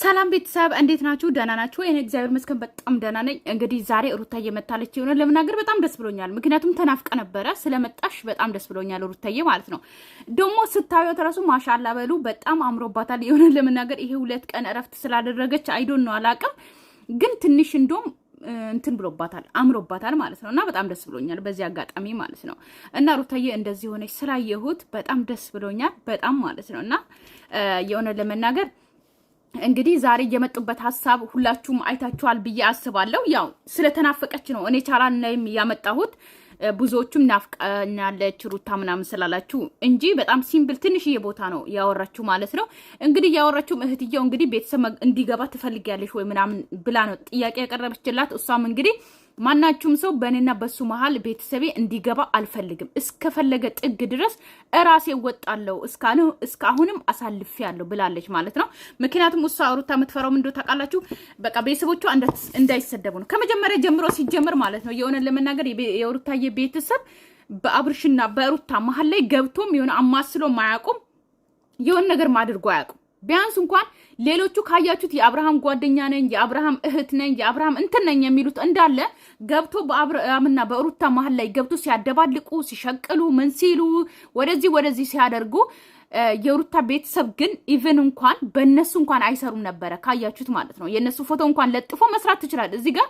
ሰላም ቤተሰብ እንዴት ናችሁ? ደህና ናችሁ? እኔ እግዚአብሔር ይመስገን በጣም ደህና ነኝ። እንግዲህ ዛሬ ሩታዬ መታለች የሆነ ለመናገር በጣም ደስ ብሎኛል። ምክንያቱም ተናፍቀ ነበረ ስለመጣሽ በጣም ደስ ብሎኛል። ሩታዬ ማለት ነው ደግሞ ስታዩት ራሱ ማሻላ በሉ በጣም አምሮባታል። የሆነ ለመናገር ይሄ ሁለት ቀን እረፍት ስላደረገች አይዶን ነው አላውቅም፣ ግን ትንሽ እንደውም እንትን ብሎባታል አምሮባታል ማለት ነው። እና በጣም ደስ ብሎኛል በዚህ አጋጣሚ ማለት ነው። እና ሩታዬ እንደዚህ ሆነች ስላየሁት በጣም ደስ ብሎኛል በጣም ማለት ነው። እና የሆነ ለመናገር እንግዲህ ዛሬ የመጡበት ሀሳብ ሁላችሁም አይታችኋል ብዬ አስባለሁ። ያው ስለተናፈቀች ነው እኔ ቻላን ላይም ያመጣሁት ብዙዎቹም ናፍቀናለች ሩታ ምናምን ስላላችሁ እንጂ በጣም ሲምፕል ትንሽዬ ቦታ ነው ያወራችሁ ማለት ነው። እንግዲህ ያወራችሁም እህትየው እንግዲህ ቤተሰብ እንዲገባ ትፈልጊያለሽ ወይ ምናምን ብላ ነው ጥያቄ ያቀረበችላት። እሷም እንግዲህ ማናችሁም ሰው በእኔና በሱ መሀል ቤተሰቤ እንዲገባ አልፈልግም። እስከፈለገ ጥግ ድረስ እራሴ ወጣለሁ፣ እስካሁንም አሳልፌ ያለሁ ብላለች ማለት ነው። ምክንያቱም እሷ ሩታ የምትፈራው ምንድ ታውቃላችሁ? በቃ ቤተሰቦቿ እንዳይሰደቡ ነው ከመጀመሪያ ጀምሮ ሲጀምር ማለት ነው። የሆነ ለመናገር የሩታዬ ቤተሰብ በአብርሽና በሩታ መሀል ላይ ገብቶም የሆነ አማስሎ ማያውቁም የሆነ ነገር ማድርጎ አያውቁም። ቢያንስ እንኳን ሌሎቹ ካያችሁት የአብርሃም ጓደኛ ነኝ፣ የአብርሃም እህት ነኝ፣ የአብርሃም እንትን ነኝ የሚሉት እንዳለ ገብቶ በአብርሃምና በሩታ መሀል ላይ ገብቶ ሲያደባልቁ፣ ሲሸቅሉ፣ ምን ሲሉ ወደዚህ ወደዚህ ሲያደርጉ የሩታ ቤተሰብ ግን ኢቨን እንኳን በእነሱ እንኳን አይሰሩም ነበረ። ካያችሁት ማለት ነው። የእነሱ ፎቶ እንኳን ለጥፎ መስራት ትችላል። እዚህ ጋር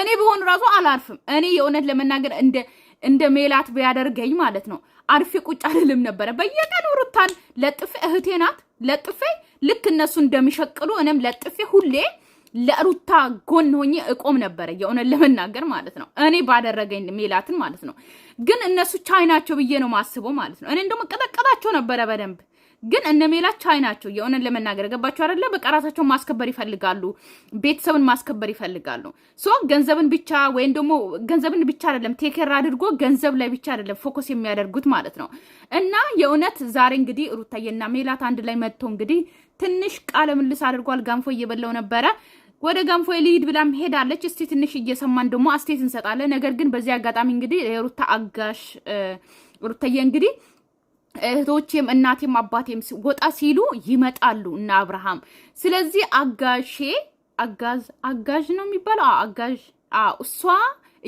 እኔ በሆኑ ራሱ አላርፍም። እኔ የእውነት ለመናገር እንደ እንደ ሜላት ቢያደርገኝ ማለት ነው አርፌ ቁጭ አልልም ነበረ። በየቀኑ ሩታን ለጥፍ እህቴ ናት ለጥፌ ልክ እነሱ እንደሚሸቅሉ እኔም ለጥፌ ሁሌ ለሩታ ጎን ሆኜ እቆም ነበረ። የእውነት ለመናገር ማለት ነው እኔ ባደረገኝ ሜላትን ማለት ነው። ግን እነሱ ቻይናቸው ብዬ ነው ማስበው ማለት ነው። እኔ እንደውም ነበረ በደንብ ግን እነ ሜላቸው ቻይ ናቸው። ለመናገር ገባቸው አደለ? በቃ ራሳቸውን ማስከበር ይፈልጋሉ፣ ቤተሰብን ማስከበር ይፈልጋሉ። ሶ ገንዘብን ብቻ ወይም ደግሞ ገንዘብን ብቻ አይደለም ቴከር አድርጎ ገንዘብ ላይ ብቻ አይደለም ፎከስ የሚያደርጉት ማለት ነው። እና የእውነት ዛሬ እንግዲህ ሩታዬና ሜላት አንድ ላይ መጥቶ እንግዲህ ትንሽ ቃለ ምልስ አድርጓል። ጋንፎ እየበላው ነበረ ወደ ገንፎ ሊሂድ ብላም ሄዳለች። እስቲ ትንሽ እየሰማን ደግሞ አስቴት እንሰጣለን። ነገር ግን በዚህ አጋጣሚ እንግዲህ የሩታ አጋሽ ሩታዬ እንግዲህ እህቶቼም እናቴም አባቴም ወጣ ሲሉ ይመጣሉ እና አብርሃም። ስለዚህ አጋሼ አጋዝ አጋዥ ነው የሚባለው አጋዥ እሷ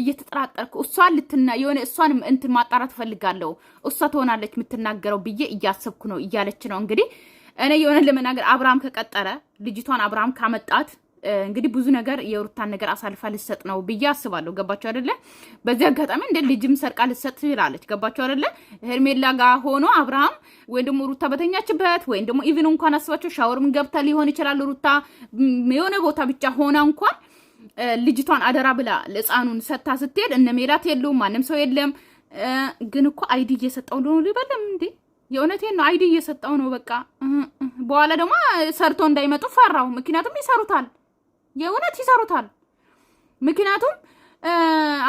እየተጠራጠርኩ እሷ ልትና የሆነ እሷን እንትን ማጣራት እፈልጋለሁ። እሷ ትሆናለች የምትናገረው ብዬ እያሰብኩ ነው እያለች ነው እንግዲህ እኔ የሆነ ለመናገር አብርሃም ከቀጠረ ልጅቷን አብርሃም ካመጣት እንግዲህ ብዙ ነገር የሩታን ነገር አሳልፋ ልሰጥ ነው ብዬ አስባለሁ። ገባቸው አደለ? በዚህ አጋጣሚ እንደ ልጅም ሰርቃ ልሰጥ ትችላለች። ገባቸው አደለ? ሄርሜላ ጋር ሆኖ አብርሃም ወይም ደግሞ ሩታ በተኛችበት ወይም ደግሞ ኢቭን እንኳን አስባቸው ሻወርም ገብታ ሊሆን ይችላል ሩታ የሆነ ቦታ ብቻ ሆና እንኳን ልጅቷን አደራ ብላ ህፃኑን ሰታ ስትሄድ እነ ሜላት የለውም፣ ማንም ሰው የለም። ግን እኮ አይዲ እየሰጠው ነው ሊበለም እንዴ የእውነቴን ነው። አይዲ እየሰጠው ነው። በቃ በኋላ ደግሞ ሰርቶ እንዳይመጡ ፈራው። ምክንያቱም ይሰሩታል። የእውነት ይሰሩታል። ምክንያቱም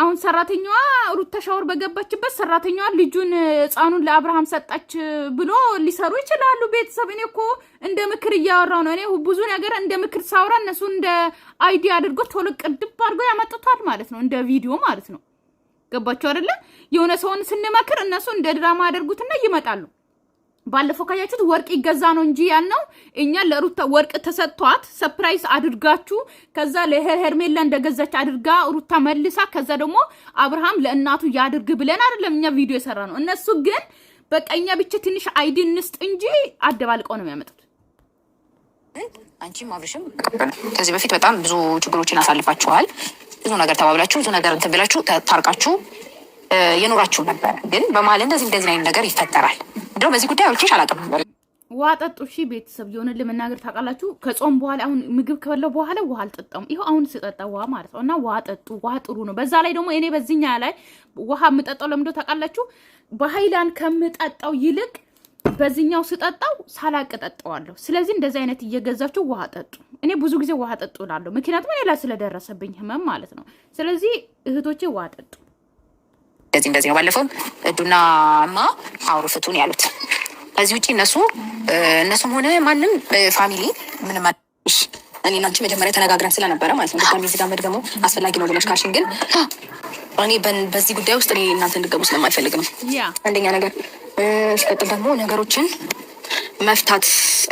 አሁን ሰራተኛዋ ሩታ ሻወር በገባችበት ሰራተኛዋ ልጁን ህፃኑን ለአብርሃም ሰጣች ብሎ ሊሰሩ ይችላሉ። ቤተሰብ እኔ እኮ እንደ ምክር እያወራው ነው። እኔ ብዙ ነገር እንደ ምክር ሳውራ እነሱ እንደ አይዲያ አድርጎ ቶሎ ቅድብ አድርጎ ያመጥቷል ማለት ነው፣ እንደ ቪዲዮ ማለት ነው። ገባቸው አይደለ? የሆነ ሰውን ስንመክር እነሱ እንደ ድራማ ያደርጉትና ይመጣሉ። ባለፈው ካያችሁት ወርቅ ይገዛ ነው እንጂ ያልነው እኛ ለሩታ ወርቅ ተሰጥቷት ሰፕራይዝ አድርጋችሁ ከዛ ለሄርሜላ እንደገዛች አድርጋ ሩታ መልሳ ከዛ ደግሞ አብርሃም ለእናቱ ያድርግ ብለን አይደለም እኛ ቪዲዮ የሰራ ነው። እነሱ ግን በቀኛ ብቻ ትንሽ አይዲ እንስጥ እንጂ አደባልቀው ነው የሚያመጡት። አንቺም አብርሽም ከዚህ በፊት በጣም ብዙ ችግሮችን አሳልፋችኋል። ብዙ ነገር ተባብላችሁ ብዙ ነገር እንትን ብላችሁ ታርቃችሁ የኖራችሁ ነበረ። ግን በመሀል እንደዚህ እንደዚህ አይነት ነገር ይፈጠራል። እንደው በዚህ ጉዳይ አውልቼሽ አላውቅም። ውሃ ጠጡ። ሺ ቤተሰብ የሆነ ለመናገር ታውቃላችሁ፣ ከጾም በኋላ አሁን ምግብ ከበላው በኋላ ውሃ አልጠጣም። ይኸው አሁን ስጠጣ ውሃ ማለት ነው። እና ውሃ ጠጡ። ውሃ ጥሩ ነው። በዛ ላይ ደግሞ እኔ በዚህኛ ላይ ውሃ የምጠጣው ለምዶ ታውቃላችሁ፣ በሀይላን ከምጠጣው ይልቅ በዚህኛው ስጠጣው ሳላቅ ጠጣዋለሁ። ስለዚህ እንደዚህ አይነት እየገዛችሁ ውሃ ጠጡ። እኔ ብዙ ጊዜ ውሃ ጠጡ እላለሁ፣ ምክንያቱም እኔ ላይ ስለደረሰብኝ ህመም ማለት ነው። ስለዚህ እህቶቼ ውሃ ጠጡ። እንደዚህ እንደዚህ ነው ባለፈው እዱና ማ አውሩ ፍቱን ያሉት። ከዚህ ውጭ እነሱ እነሱም ሆነ ማንም ፋሚሊ ምንም እኔና አንቺ መጀመሪያ ተነጋግረን ስለነበረ ማለት ነው። ድጋሚ እዚህ ጋር መድገሙ አስፈላጊ ነው ብለሽ ካልሽኝ ግን እኔ በዚህ ጉዳይ ውስጥ እኔ እናንተ እንድገቡ ስለማልፈልግ ነው። አንደኛ ነገር ሲቀጥል ደግሞ ነገሮችን መፍታት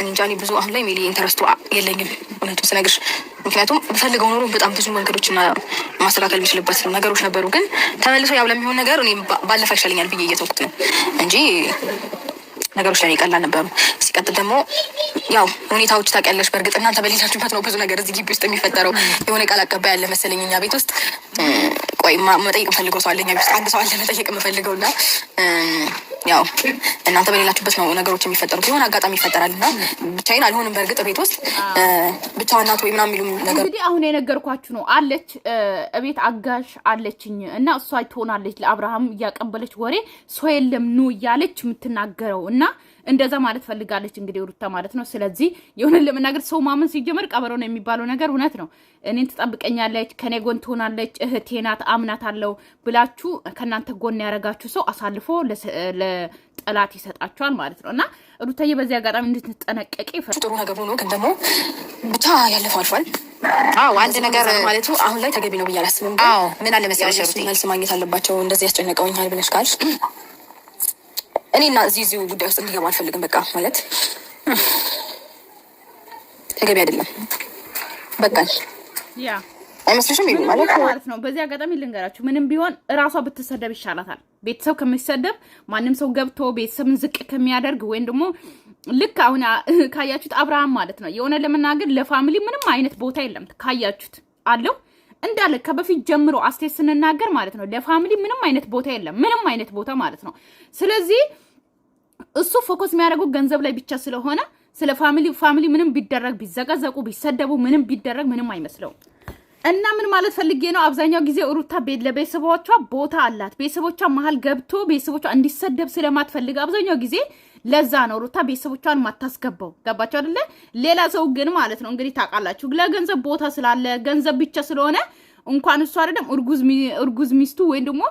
እንጃ እኔ ብዙ አሁን ላይ ሜሊ ኢንተረስቱ የለኝም እውነቱን ስነግርሽ ምክንያቱም ብፈልገው ኖሮ በጣም ብዙ መንገዶችና ማስተካከል የሚችልበት ነገሮች ነበሩ። ግን ተመልሶ ያው ለሚሆን ነገር እኔ ባለፈ ይሻለኛል ብዬ እየተውኩት ነው እንጂ ነገሮች ላይ ይቀላል ነበሩ። ሲቀጥል ደግሞ ያው ሁኔታዎች ታውቂያለሽ። በእርግጥ እናንተ በሌላችሁበት ነው ብዙ ነገር እዚህ ግቢ ውስጥ የሚፈጠረው። የሆነ ቃል አቀባይ ያለ መሰለኝ እኛ ቤት ውስጥ። ቆይ መጠየቅ የምፈልገው ሰው አለ እኛ ቤት ውስጥ አንድ ሰው አለ መጠየቅ የምፈልገው እና ያው እናንተ በሌላችሁበት ነው ነገሮች የሚፈጠሩት። የሆነ አጋጣሚ ይፈጠራል እና ብቻዬን አልሆንም። በእርግጥ ቤት ውስጥ ብቻ እናት ወይ ምናምን የሚሉ ነገር እንግዲህ አሁን የነገርኳችሁ ነው። አለች እቤት አጋዥ አለችኝ እና እሷ ትሆናለች ለአብርሃም እያቀበለች ወሬ ሰው የለም ኑ እያለች የምትናገረው እና እንደዛ ማለት ፈልጋለች እንግዲህ ሩታ ማለት ነው። ስለዚህ የሆነ ለመናገር ሰው ማመን ሲጀመር ቀበሮ ነው የሚባለው ነገር እውነት ነው። እኔን ትጠብቀኛለች፣ ከኔ ጎን ትሆናለች፣ እህቴ ናት፣ አምናት አለው ብላችሁ ከእናንተ ጎን ያደረጋችሁ ሰው አሳልፎ ለጠላት ይሰጣችኋል ማለት ነው እና ሩታዬ በዚህ አጋጣሚ እንድትጠነቀቂ ጥሩ ነገር ሆኖ ግን ደግሞ ብቻ ያለፈው አልፏል። አዎ አንድ ነገር ማለቱ አሁን ላይ ተገቢ ነው ብዬ አላስብም። ምን አለ መሰለሽ መልስ ማግኘት አለባቸው እንደዚህ ያስጨነቀውኛል ብለሽ ካልሽ እኔ እና እዚህ እዚሁ ጉዳይ ውስጥ እንዲገባ አልፈልግም። በቃ ማለት ተገቢ አይደለም። በቃ አይመስልሽም? ማለት ማለት ነው። በዚህ አጋጣሚ ልንገራችሁ፣ ምንም ቢሆን እራሷ ብትሰደብ ይሻላታል። ቤተሰብ ከሚሰደብ ማንም ሰው ገብቶ ቤተሰብን ዝቅ ከሚያደርግ ወይም ደግሞ ልክ አሁን ካያችሁት አብርሃም ማለት ነው የሆነ ለመናገር ለፋሚሊ ምንም አይነት ቦታ የለም። ካያችሁት አለው እንዳለ ከበፊት ጀምሮ አስቴት ስንናገር ማለት ነው ለፋሚሊ ምንም አይነት ቦታ የለም። ምንም አይነት ቦታ ማለት ነው። ስለዚህ እሱ ፎከስ የሚያደርገው ገንዘብ ላይ ብቻ ስለሆነ ስለ ፋሚሊ ፋሚሊ ምንም ቢደረግ ቢዘቀዘቁ ቢሰደቡ ምንም ቢደረግ ምንም አይመስለውም። እና ምን ማለት ፈልጌ ነው፣ አብዛኛው ጊዜ ሩታ ለቤተሰቦቿ ቦታ አላት። ቤተሰቦቿ መሀል ገብቶ ቤተሰቦቿ እንዲሰደብ ስለማትፈልግ አብዛኛው ጊዜ ለዛ ነው ሩታ ቤተሰቦቿን ማታስገባው። ገባቸው አደለ ሌላ ሰው ግን ማለት ነው እንግዲህ ታውቃላችሁ፣ ለገንዘብ ቦታ ስላለ ገንዘብ ብቻ ስለሆነ እንኳን እሱ አይደለም እርጉዝ ሚስቱ ወይም ደግሞ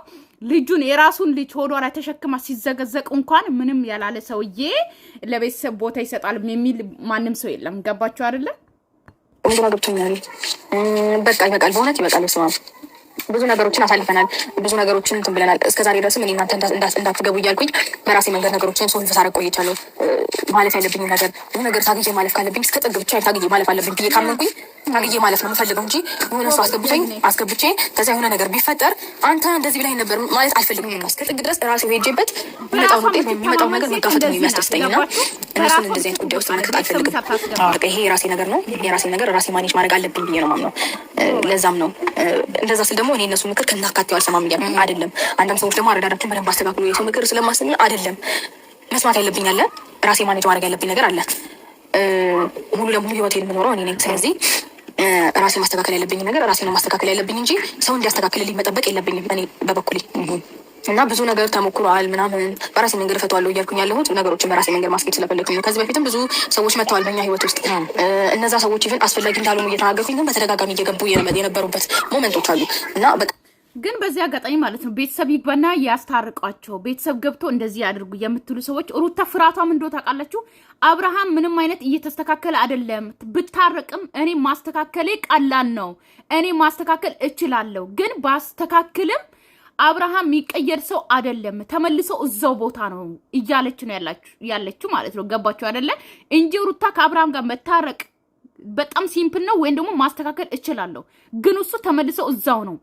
ልጁን የራሱን ልጅ ሆዷ ላይ ተሸክማ ሲዘገዘቅ እንኳን ምንም ያላለ ሰውዬ ለቤተሰብ ቦታ ይሰጣል የሚል ማንም ሰው የለም። ገባችሁ አይደለ? ግራ ገብቶኛል። በቃ ይበቃል፣ በእውነት ይበቃል። ስማ ብዙ ነገሮችን አሳልፈናል። ብዙ ነገሮችን እንትን ብለናል። እስከዛሬ ድረስም እኔ እናንተ እንዳትገቡ እያልኩኝ በራሴ መንገድ ነገሮችን ሶልፍ ሳደርግ ቆይቻለሁ። ማለት ያለብኝ ነገር ብዙ ነገር ታግዬ ማለፍ ካለብኝ እስከ ጥግ ብቻ ታግዬ ማለፍ አለብኝ ብዬ ካመንኩኝ ታግዬ ማለት ነው የምፈልገው እንጂ የሆነ ሰው አስገብቶኝ አስገብቼ ከዛ የሆነ ነገር ቢፈጠር አንተ እንደዚህ ብላኝ ነበር ማለት አልፈልግም። እስከ ጥግ ድረስ ራሴ ሄጄበት የሚመጣውን ውጤት የሚመጣው ነገር መጋፈት ነው የሚያስደስተኝ እና እነሱን እንደዚህ አይነት ጉዳይ ውስጥ መክተት አልፈልግም። በቃ ይሄ የራሴ ነገር ነው። የራሴ ነገር ራሴ ማኔጅ ማድረግ አለብኝ ብዬ ነው ማምነው። ለዛም ነው እንደዛ ስል ደግሞ እኔ እነሱ ምክር ከናካቴው አልሰማም እያ አይደለም። አንዳንድ ሰዎች ደግሞ አረዳዳችን በደንብ አስተካክሉ የሰው ምክር ስለማስብ አይደለም መስማት ያለብኝ አለ። ራሴ ማኔጅ ማድረግ ያለብኝ ነገር አለ። ሙሉ ለሙሉ ህይወቴን የምኖረው እኔ ነኝ። ስለዚህ ራሴ ማስተካከል ያለብኝ ነገር ራሴ ነው ማስተካከል ያለብኝ እንጂ ሰው እንዲያስተካክልልኝ መጠበቅ የለብኝም። እኔ በበኩሌ እና ብዙ ነገር ተሞክሯል ምናምን በራሴ መንገድ እፈታዋለሁ እያልኩኝ ያለሁት ነገሮችን በራሴ መንገድ ማስኬድ ስለፈለግ ነው። ከዚህ በፊትም ብዙ ሰዎች መጥተዋል በኛ ህይወት ውስጥ እነዛ ሰዎች ይህን አስፈላጊ እንዳልሆኑ እየተናገርኩኝ ግን በተደጋጋሚ እየገቡ የነበሩበት ሞመንቶች አሉ እና ግን በዚህ አጋጣሚ ማለት ነው ቤተሰብ ይግባና ያስታርቋቸው። ቤተሰብ ገብቶ እንደዚህ ያድርጉ የምትሉ ሰዎች ሩታ ፍራቷም እንደው ታውቃላችሁ፣ አብርሃም ምንም አይነት እየተስተካከለ አይደለም። ብታረቅም እኔ ማስተካከሌ ቀላል ነው፣ እኔ ማስተካከል እችላለሁ። ግን ባስተካክልም አብርሃም የሚቀየር ሰው አይደለም፣ ተመልሶ እዛው ቦታ ነው እያለች ነው ያለችው ማለት ነው። ገባችሁ አይደለ? እንጂ ሩታ ከአብርሃም ጋር መታረቅ በጣም ሲምፕል ነው፣ ወይም ደግሞ ማስተካከል እችላለሁ። ግን እሱ ተመልሶ እዛው ነው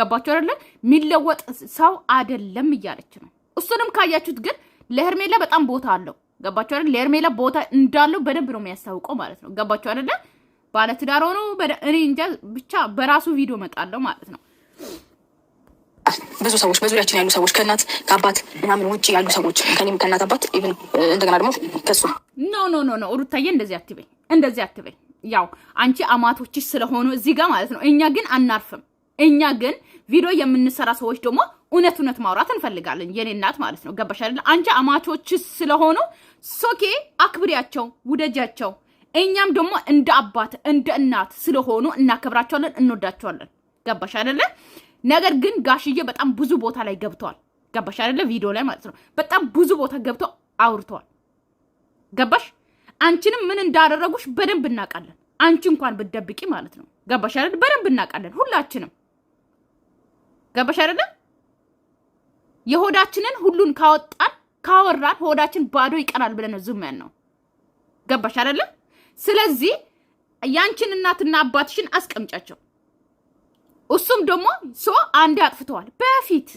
ገባችሁ አይደለ? የሚለወጥ ሰው አይደለም እያለች ነው። እሱንም ካያችሁት ግን ለሄርሜላ በጣም ቦታ አለው። ገባችሁ አይደለ? ለሄርሜላ ቦታ እንዳለው በደንብ ነው የሚያስታውቀው ማለት ነው። ገባችሁ አይደለ? ባለትዳር ሆኖ እኔ እንጃ ብቻ በራሱ ቪዲዮ መጣለው ማለት ነው። ብዙ ሰዎች በዙሪያችን ያሉ ሰዎች ከእናት ከአባት ምናምን ውጭ ያሉ ሰዎች ከኔም ከእናት አባት ኢቭን እንደገና ደግሞ ከሱ ኖ ኖ ኖ ኖ ሩታዬ፣ እንደዚህ አትበኝ፣ እንደዚህ አትበኝ። ያው አንቺ አማቶችሽ ስለሆኑ እዚህ ጋር ማለት ነው። እኛ ግን አናርፍም እኛ ግን ቪዲዮ የምንሰራ ሰዎች ደግሞ እውነት እውነት ማውራት እንፈልጋለን። የኔ እናት ማለት ነው። ገባሽ አይደለ? አንቺ አማቾች ስለሆኑ ሶኬ አክብሪያቸው፣ ውደጃቸው። እኛም ደግሞ እንደ አባት እንደ እናት ስለሆኑ እናከብራቸዋለን፣ እንወዳቸዋለን። ገባሽ አይደለ? ነገር ግን ጋሽዬ በጣም ብዙ ቦታ ላይ ገብተዋል። ገባሽ አይደለ? ቪዲዮ ላይ ማለት ነው። በጣም ብዙ ቦታ ገብቶ አውርተዋል። ገባሽ? አንቺንም ምን እንዳደረጉሽ በደንብ እናውቃለን። አንቺ እንኳን ብትደብቂ ማለት ነው። ገባሽ አይደለ? በደንብ እናውቃለን ሁላችንም ገባሽ አይደለም? የሆዳችንን ሁሉን ካወጣን ካወራን ሆዳችን ባዶ ይቀራል ብለን ዝም ያን ነው። ገባሽ አይደለም? ስለዚህ ያንቺን እናትና አባትሽን አስቀምጫቸው። እሱም ደግሞ ሶ አንዴ አጥፍተዋል በፊት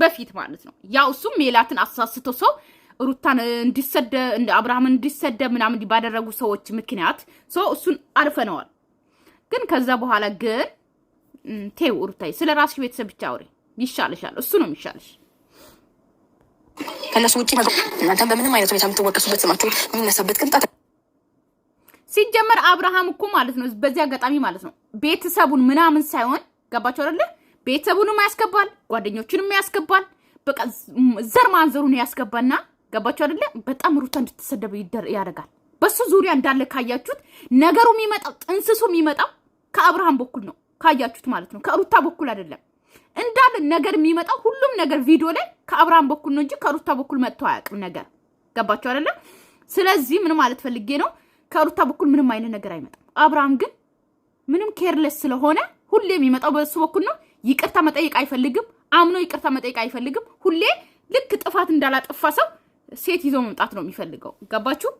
በፊት ማለት ነው። ያው እሱም ሜላትን አሳስቶ ሰው ሩታን እንዲሰደ አብርሃምን እንዲሰደ ምናምን ባደረጉ ሰዎች ምክንያት ሰው እሱን አልፈነዋል። ግን ከዛ በኋላ ግን ቴው ሩታይ፣ ስለ ራስሽ ቤተሰብ ብቻ አውሪ ይሻልሻል። እሱ ነው የሚሻልሽ። ከእነሱ ውጭ እናንተ በምንም አይነት ሁኔታ የምትወቀሱበት ስማችሁ የሚነሳበት ቅንጣት ሲጀመር አብርሃም እኮ ማለት ነው በዚህ አጋጣሚ ማለት ነው ቤተሰቡን ምናምን ሳይሆን ገባቸው አይደለ? ቤተሰቡንም ያስገባል፣ ጓደኞቹንም ያስገባል። በቃ ዘር ማንዘሩን ያስገባና ገባቸው አይደለ? በጣም ሩታ እንድትሰደብ ያደርጋል። በሱ ዙሪያ እንዳለ ካያችሁት ነገሩ የሚመጣው ጥንስሱ የሚመጣው ከአብርሃም በኩል ነው። ካያችሁት ማለት ነው። ከሩታ በኩል አይደለም እንዳለ ነገር የሚመጣው ሁሉም ነገር ቪዲዮ ላይ ከአብርሃም በኩል ነው እንጂ ከሩታ በኩል መጥቶ አያውቅም። ነገር ገባችሁ አይደለም? ስለዚህ ምን ማለት ፈልጌ ነው፣ ከሩታ በኩል ምንም አይነት ነገር አይመጣም። አብርሃም ግን ምንም ኬርለስ ስለሆነ ሁሌ የሚመጣው በሱ በኩል ነው። ይቅርታ መጠየቅ አይፈልግም። አምኖ ይቅርታ መጠየቅ አይፈልግም። ሁሌ ልክ ጥፋት እንዳላጠፋ ሰው ሴት ይዞ መምጣት ነው የሚፈልገው። ገባችሁ?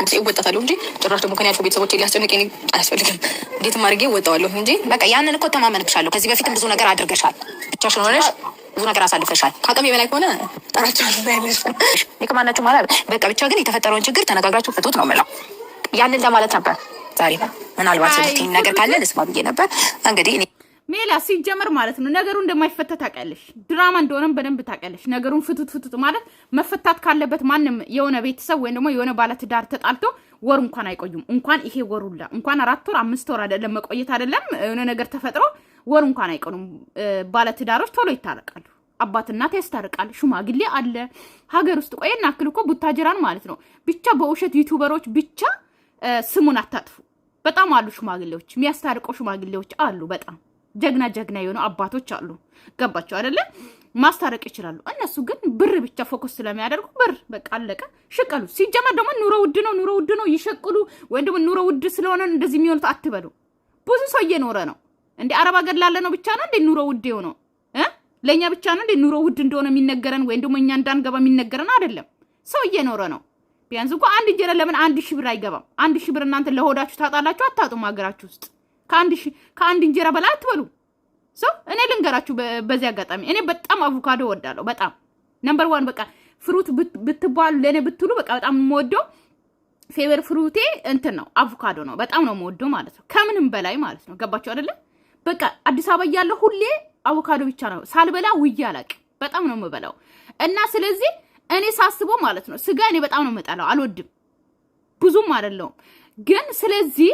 ጊዜ እወጣታለሁ እንጂ ጭራሽ ደግሞ ከኔ አልፎ ቤተሰቦች ሊያስጨንቅ አያስፈልግም። እንዴትም አድርጌ እወጣዋለሁ እንጂ በቃ ያንን እኮ ተማመንብሻለሁ። ከዚህ በፊትም ብዙ ነገር አድርገሻል፣ ብቻሽን ሆነሽ ብዙ ነገር አሳልፈሻል። ከአቅሜ በላይ ከሆነ ጠራቸዋለሁ ማለት በቃ ብቻ ግን የተፈጠረውን ችግር ተነጋግራችሁ ፍቱት ነው የምለው። ያንን ለማለት ነበር ዛሬ። ምናልባት ነገር ካለ ልስማ ብዬ ነበር እንግዲህ ሜላ ሲጀመር ማለት ነው ነገሩ እንደማይፈታ ታውቂያለሽ። ድራማ እንደሆነም በደንብ ታውቂያለሽ። ነገሩን ፍቱት ፍቱት ማለት መፈታት ካለበት ማንም የሆነ ቤተሰብ ወይም ደግሞ የሆነ ባለትዳር ተጣልቶ ወር እንኳን አይቆዩም። እንኳን ይሄ ወሩላ እንኳን አራት ወር አምስት ወር አይደለም መቆየት አይደለም የሆነ ነገር ተፈጥሮ ወር እንኳን አይቆዩም። ባለትዳሮች ቶሎ ይታረቃሉ። አባትናት ያስታርቃል። ሽማግሌ አለ ሀገር ውስጥ ቆየና አክል እኮ ቡታጅራን ማለት ነው። ብቻ በውሸት ዩቱበሮች ብቻ ስሙን አታጥፉ። በጣም አሉ ሽማግሌዎች፣ የሚያስታርቀው ሽማግሌዎች አሉ በጣም ጀግና ጀግና የሆኑ አባቶች አሉ። ገባቸው አይደለም? ማስታረቅ ይችላሉ። እነሱ ግን ብር ብቻ ፎከስ ስለሚያደርጉ ብር በቃ አለቀ። ሽቀሉ። ሲጀመር ደግሞ ኑሮ ውድ ነው፣ ኑሮ ውድ ነው ይሸቅሉ። ወይም ደግሞ ኑሮ ውድ ስለሆነ እንደዚህ የሚሆኑት አትበሉ። ብዙ ሰው እየኖረ ነው እንዴ? አረብ ሀገር ላለ ነው ብቻ ነው እንዴ ኑሮ ውድ የሆነው? ለእኛ ብቻ ነው እንዴ ኑሮ ውድ እንደሆነ የሚነገረን ወይም ደግሞ እኛ እንዳንገባ የሚነገረን? አይደለም። ሰው እየኖረ ነው። ቢያንስ እኮ አንድ እንጀራ ለምን አንድ ሽብር ብር አይገባም? አንድ ሽብር ብር እናንተ ለሆዳችሁ ታጣላችሁ? አታጡም ሀገራችሁ ውስጥ ከአንድ እንጀራ በላይ አትበሉ። ሰው እኔ ልንገራችሁ በዚህ አጋጣሚ እኔ በጣም አቮካዶ እወዳለሁ። በጣም ነምበር ዋን በቃ ፍሩት ብትባሉ ለእኔ ብትሉ በቃ በጣም የምወደው ፌቨር ፍሩቴ እንትን ነው አቮካዶ ነው። በጣም ነው የምወደው ማለት ነው፣ ከምንም በላይ ማለት ነው። ገባችሁ አደለም በቃ አዲስ አበባ እያለሁ ሁሌ አቮካዶ ብቻ ነው ሳልበላ ውዬ አላቅም። በጣም ነው የምበላው እና ስለዚህ እኔ ሳስበው ማለት ነው ስጋ እኔ በጣም ነው የምጠላው፣ አልወድም ብዙም አይደለውም ግን ስለዚህ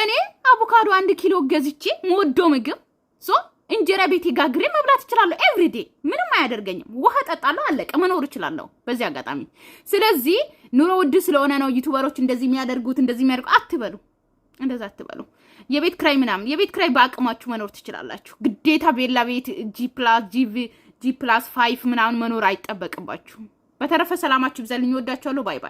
እኔ አቮካዶ አንድ ኪሎ ገዝቼ መወዶ ምግብ ሶ እንጀራ ቤቴ ጋግሬ መብላት እችላለሁ። ኤቭሪዴ ምንም አያደርገኝም። ውሃ ጠጣለሁ፣ አለቀ። መኖር እችላለሁ በዚህ አጋጣሚ። ስለዚህ ኑሮ ውድ ስለሆነ ነው ዩቱበሮች እንደዚህ የሚያደርጉት። እንደዚህ የሚያደርጉ አትበሉ፣ እንደዛ አትበሉ። የቤት ክራይ ምናምን፣ የቤት ክራይ በአቅማችሁ መኖር ትችላላችሁ። ግዴታ ቤላ ቤት ጂ ፕላስ ጂ ፕላስ ፋይፍ ምናምን መኖር አይጠበቅባችሁም። በተረፈ ሰላማችሁ ብዛልኝ። ወዳችኋለሁ። ባይ ባይ።